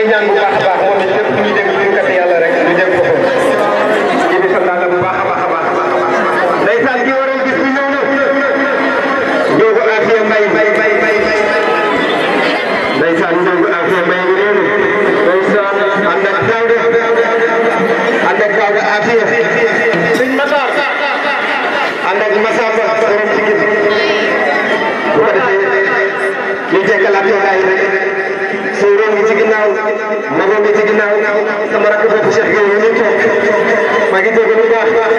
Yang ànd ak Massamba borom Pikine bu ko defee ñu jekkalaatee gars yi rek sóoroo ngi ci ginnaaw magoo ngi ci ginnaaw sama rakk boobu Cheikh Gueye ñu ngi toog maa ngi dégg bu baax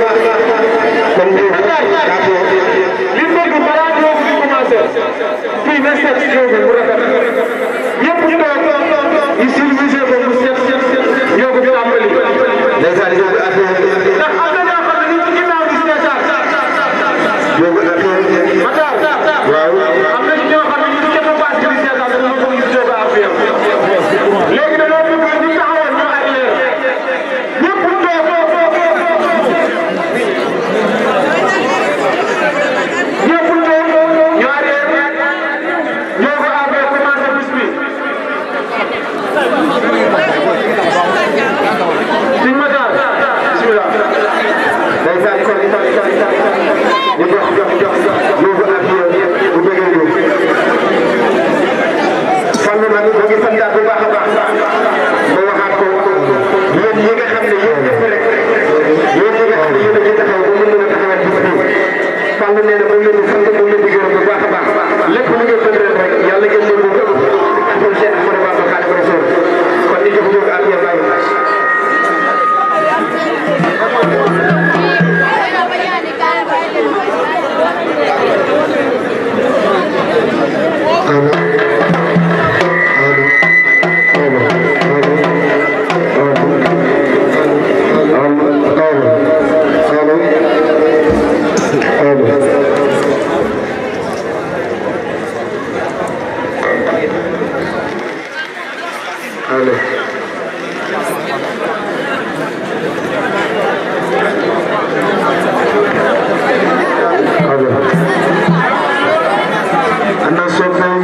Thank you.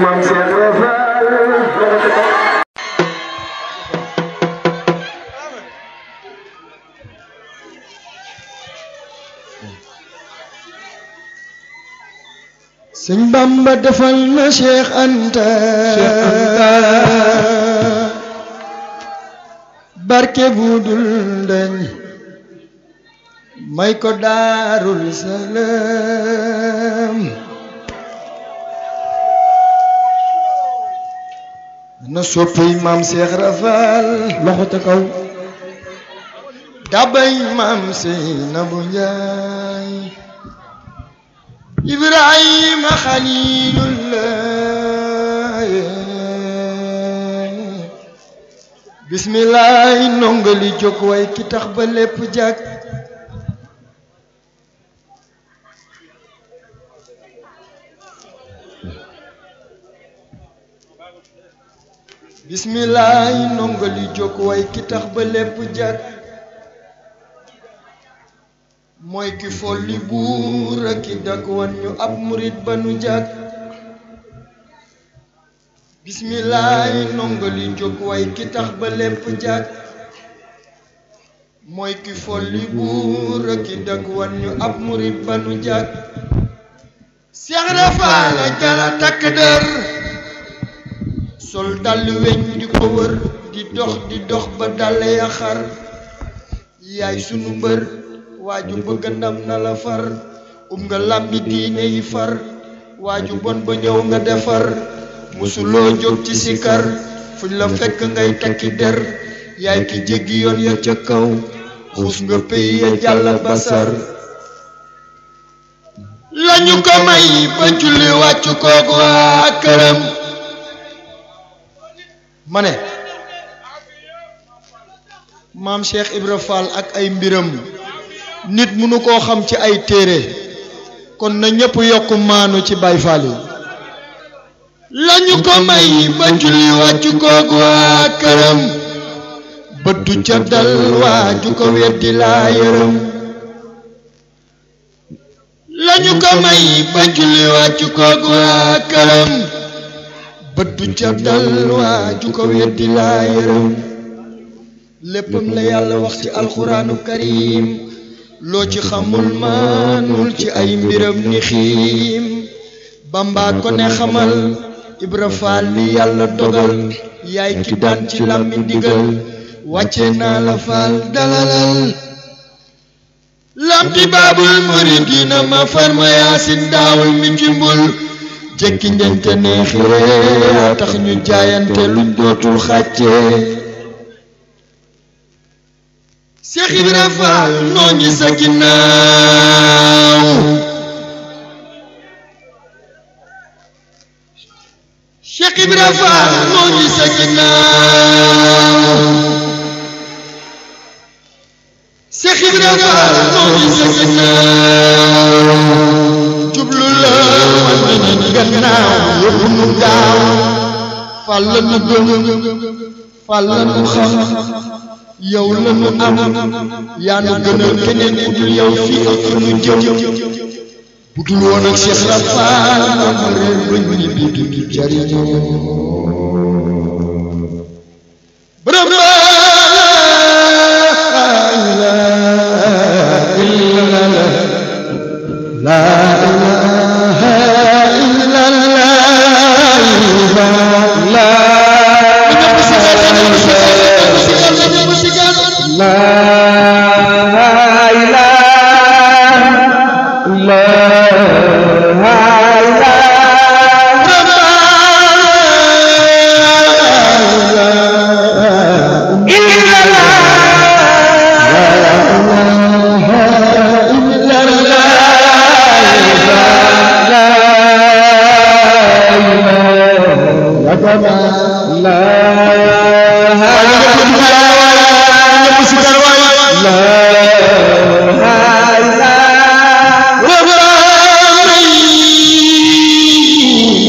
maam Cheikh Rafal sëñ Bamba defal may ko daarul salaam na soppey maam Seex Rafal loxo ca kaw dabay maam Seynabu Njaay Ibrahima xaliilullah bismillaah nongali jóg way ki tax ba lépp jàkk bismillaahi nongali jóg way ki tax ba lepp jak moy ki folli buur ak ki dak wan ñu ab murit ba nu jag bismillaahi nongali jóg way ki tax ba lepp jak moy ki folli ak dak wan ñu ab ba nu cheikh rafa la jara tak der sol dal weñ di ko wër di dox di dox ba dale ya xar yaay sunu mbeur waju bëgg ndam na la far um nga lambi diine yi far waju bon ba ñew nga defar musulo jog ci sikar fuñ la fekk ngay takki der yaay ki jéggi yoon ya ca kaw xus nga pey ya jalla basar lañu ko may ba julli wàcc kooku waa ma ne maam Cheikh Ibra Fall ak ay mbiram nit mënu koo xam ci ay téere kon na ñépp yokk maanu ci Baay Faal lañu ko may ba julli wàccu koog waa këram bëttu ca dal waa ju ko weddi laa yërëm bët du ca dal waa ju ko weddi léppam la yàlla wax ci alxuraanu karim loo ci xamul maanul ci ay mbiram ni xiim bambaa ko ne xamal ibra faal li yàlla dogal yaay ki daan ci làmmi ndigal wàcce naa la faal dalalal lam di baabul muridina ma farma yaasin daawul mi ci jekki njente neexee tax ñu jaayante luñ dootul xàccee Seex Ibra sa ginnaaw gannaaw yëpp nu gaaw fal la nu gëm fal la nu xam yow la nu am yaa nu gënal keneen ku dul yow fii ak fa nu bu dul woon ak Cheikh Rafaal am réer ba ñu ni bi du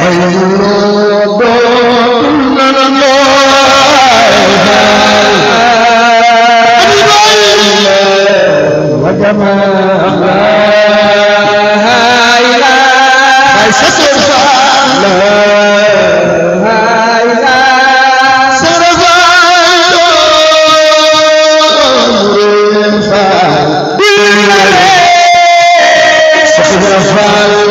भॼ